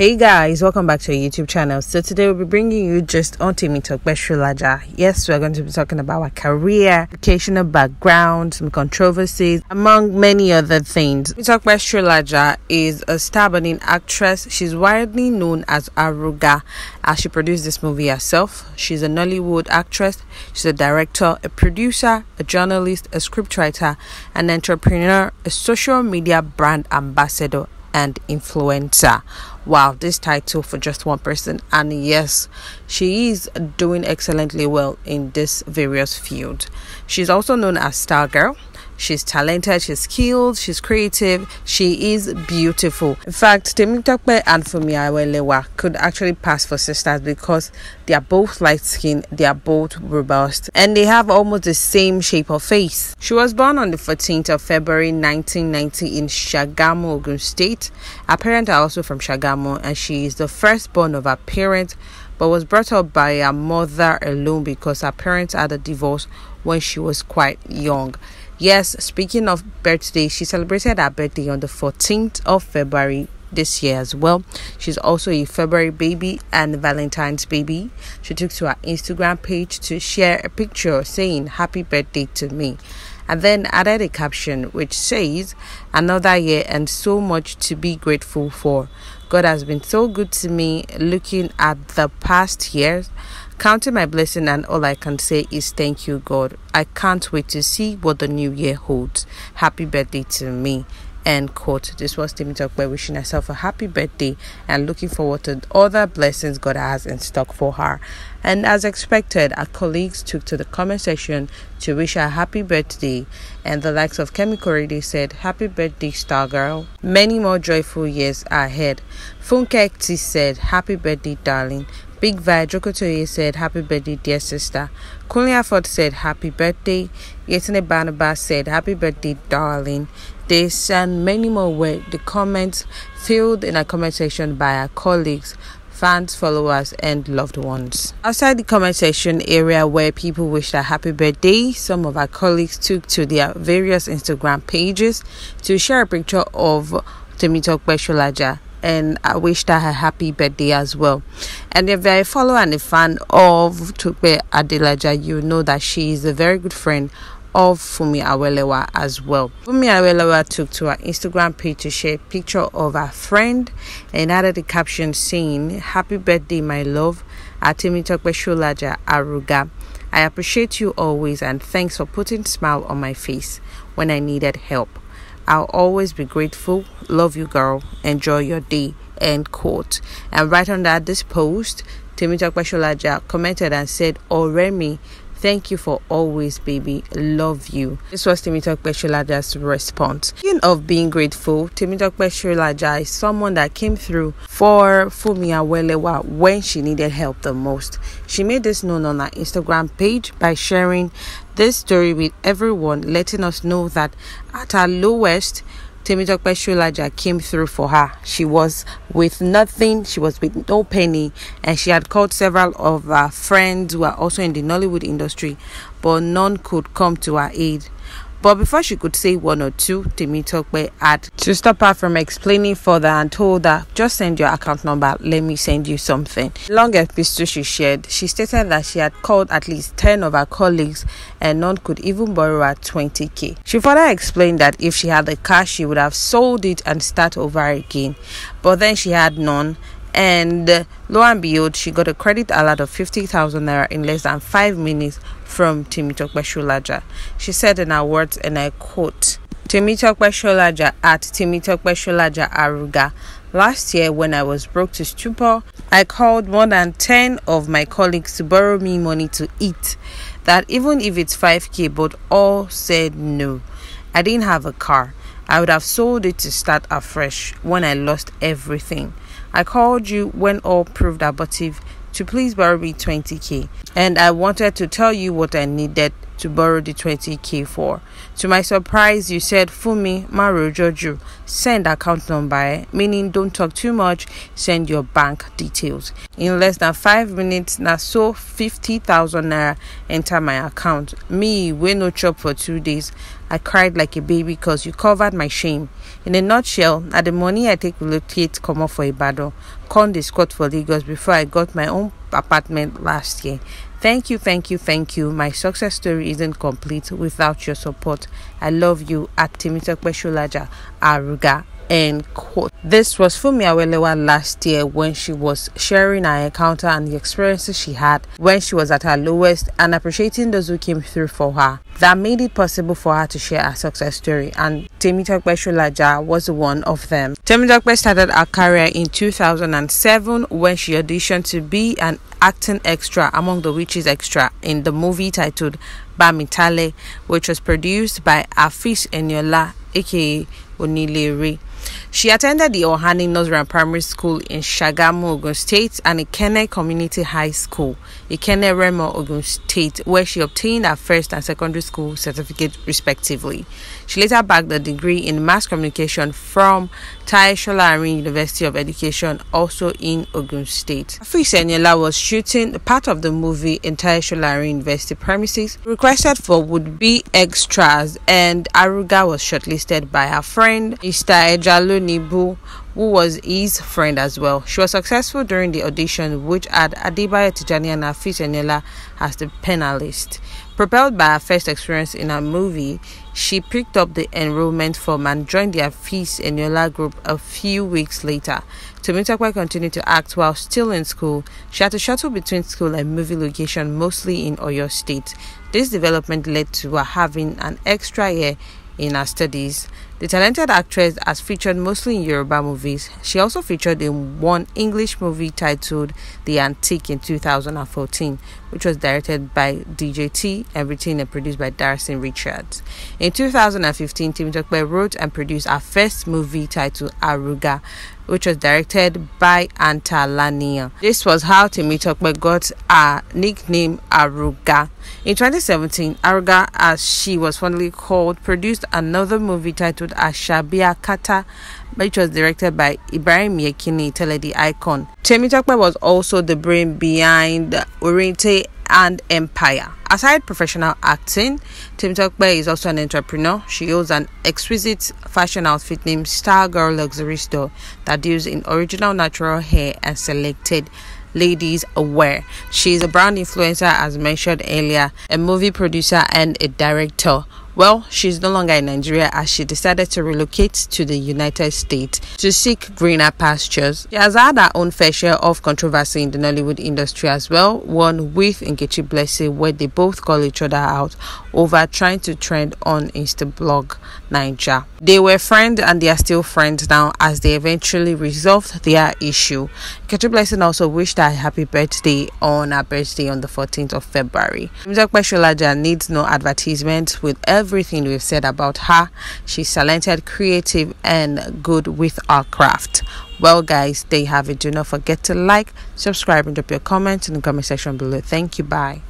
Hey guys, welcome back to our YouTube channel. So today we'll be bringing you just on Timmy Talk by Shulaja. Yes, we're going to be talking about our career, educational background, some controversies, among many other things. Timmy Talk by Shulaja is a star-burning actress. She's widely known as Aruga as she produced this movie herself. She's a Nollywood actress. She's a director, a producer, a journalist, a scriptwriter, an entrepreneur, a social media brand ambassador, and influencer. Wow, this title for just one person, and yes, she is doing excellently well in this various field. She's also known as Star Girl She's talented, she's skilled, she's creative, she is beautiful. In fact, Temitope and Fumi Awelewa could actually pass for sisters because they are both light skinned, they are both robust, and they have almost the same shape of face. She was born on the 14th of February 1990 in Shagamu, Ogun State. Her parents are also from Shagamu, and she is the firstborn of her parents but was brought up by her mother alone because her parents had a divorce when she was quite young. Yes, speaking of birthday, she celebrated her birthday on the 14th of February this year as well. She's also a February baby and Valentine's baby. She took to her Instagram page to share a picture saying, Happy birthday to me. And then added a caption which says, Another year and so much to be grateful for. God has been so good to me looking at the past years. Counting my blessing, and all I can say is thank you, God. I can't wait to see what the new year holds. Happy birthday to me. End quote. This was Timmy Talk by wishing herself a happy birthday and looking forward to other blessings God has in stock for her. And as expected, our colleagues took to the comment section to wish her happy birthday. And the likes of Kemi Korede said, Happy birthday, star girl. Many more joyful years ahead. Funke T said, Happy birthday, darling. Big Vi Jokotoye said, Happy birthday, dear sister. Kunle Afford said, Happy birthday. Yetine Barnabas said, Happy birthday, darling. This and um, many more were the comments filled in a comment section by our colleagues fans, followers, and loved ones. Outside the comment section area where people wished a happy birthday, some of our colleagues took to their various Instagram pages to share a picture of Temitope Sholaja and I wished her a happy birthday as well. And if you're a follower and a fan of Tukpe Adelaja, you know that she is a very good friend of Fumi Awelewa as well. Fumi Awelewa took to her Instagram page to share a picture of her friend and added a caption saying, Happy birthday, my love, Atimitokpe Shulaja Aruga. I appreciate you always and thanks for putting smile on my face when I needed help. I'll always be grateful. Love you, girl. Enjoy your day. End quote. And right under this post, Timi Takpasholaja commented and said, "Oh, Remy." Thank you for always, baby. Love you. This was Temitope Shulaja's response. Speaking of being grateful, Temitope Shulaja is someone that came through for Fumi Awelewa when she needed help the most. She made this known on her Instagram page by sharing this story with everyone, letting us know that at our lowest, Temitope Shulaja came through for her. She was with nothing, she was with no penny, and she had called several of her friends who are also in the Nollywood industry, but none could come to her aid. But before she could say one or two, Temitope had to stop her from explaining further and told her, just send your account number, let me send you something. Long epistle she shared, she stated that she had called at least 10 of her colleagues and none could even borrow her 20k. She further explained that if she had the cash, she would have sold it and start over again. But then she had none and lo and behold, she got a credit alert of 50,000 naira in less than five minutes from Timitokpe Shulaja. She said in her words, and I quote, Timitokpe Shulaja at Timitokpe Shulaja Aruga. Last year, when I was broke to stupor, I called more than 10 of my colleagues to borrow me money to eat. That even if it's 5k, but all said no. I didn't have a car. I would have sold it to start afresh when I lost everything. I called you when all proved abortive to please borrow me 20k, and I wanted to tell you what I needed to borrow the 20k for. To my surprise, you said, Fumi Maru Joju, send account number, meaning don't talk too much, send your bank details. In less than five minutes, na so 50,000 naira enter my account. Me, we no chop for two days. I cried like a baby because you covered my shame. In a nutshell, at the money I take relocate come off for a con the squad for Lagos before I got my own apartment last year. Thank you, thank you, thank you. My success story isn't complete without your support. I love you at Timitokpe Shulaja Aruga End quote. This was Fumi Awelewa last year when she was sharing her encounter and the experiences she had when she was at her lowest and appreciating those who came through for her. That made it possible for her to share her success story, and Temitope Shulaja was one of them. Temitope started her career in 2007 when she auditioned to be an acting extra among the witches extra in the movie titled Bamitale, which was produced by Afish Eniola, aka Onilere. She attended the Ohani Nozran Primary School in Shagamu, Ogun State, and Ikene Community High School, Ikene Remo, Ogun State, where she obtained her first and secondary school certificate, respectively. She later bagged a degree in mass communication from Tai Sholari University of Education, also in Ogun State. Afisa was shooting part of the movie in Tai Sholari University premises, requested for would-be extras, and Aruga was shortlisted by her friend, Mr. Ejalo Nibu, who was his friend as well. She was successful during the audition, which had Adibaya Tijani and Afis as the panelists. Propelled by her first experience in a movie, she picked up the enrollment form and joined the Afis Eniola group a few weeks later. Tomitakwe continued to act while still in school. She had to shuttle between school and movie location, mostly in Oyo State. This development led to her having an extra year in her studies. The talented actress has featured mostly in Yoruba movies. She also featured in one English movie titled The Antique in 2014 which was directed by DJT and written and produced by Darren Richards. In 2015, Tim Tokwe wrote and produced our first movie titled Aruga, which was directed by Antalania. This was how Timmy Tokwe got her nickname Aruga. In 2017, Aruga, as she was fondly called, produced another movie titled Ashabia Kata which was directed by Ibrahim Yekini Teledi Icon. Temitope was also the brain behind Oriente and Empire. Aside professional acting, Tim Tokbe is also an entrepreneur. She owns an exquisite fashion outfit named Stargirl Luxury Store that deals in original natural hair and selected ladies wear. She is a brand influencer, as mentioned earlier, a movie producer, and a director. Well, she's no longer in Nigeria as she decided to relocate to the United States to seek greener pastures. She has had her own fair share of controversy in the Nollywood industry as well, one with Nkechi Blessing, where they both both call each other out over trying to trend on Instablog Ninja. They were friends and they are still friends now as they eventually resolved their issue. Ketri Blessing also wished her a happy birthday on her birthday on the 14th of February. Mzak Besholaja needs no advertisement with everything we've said about her. She's talented, creative, and good with our craft. Well, guys, there you have it. Do not forget to like, subscribe, and drop your comments in the comment section below. Thank you. Bye.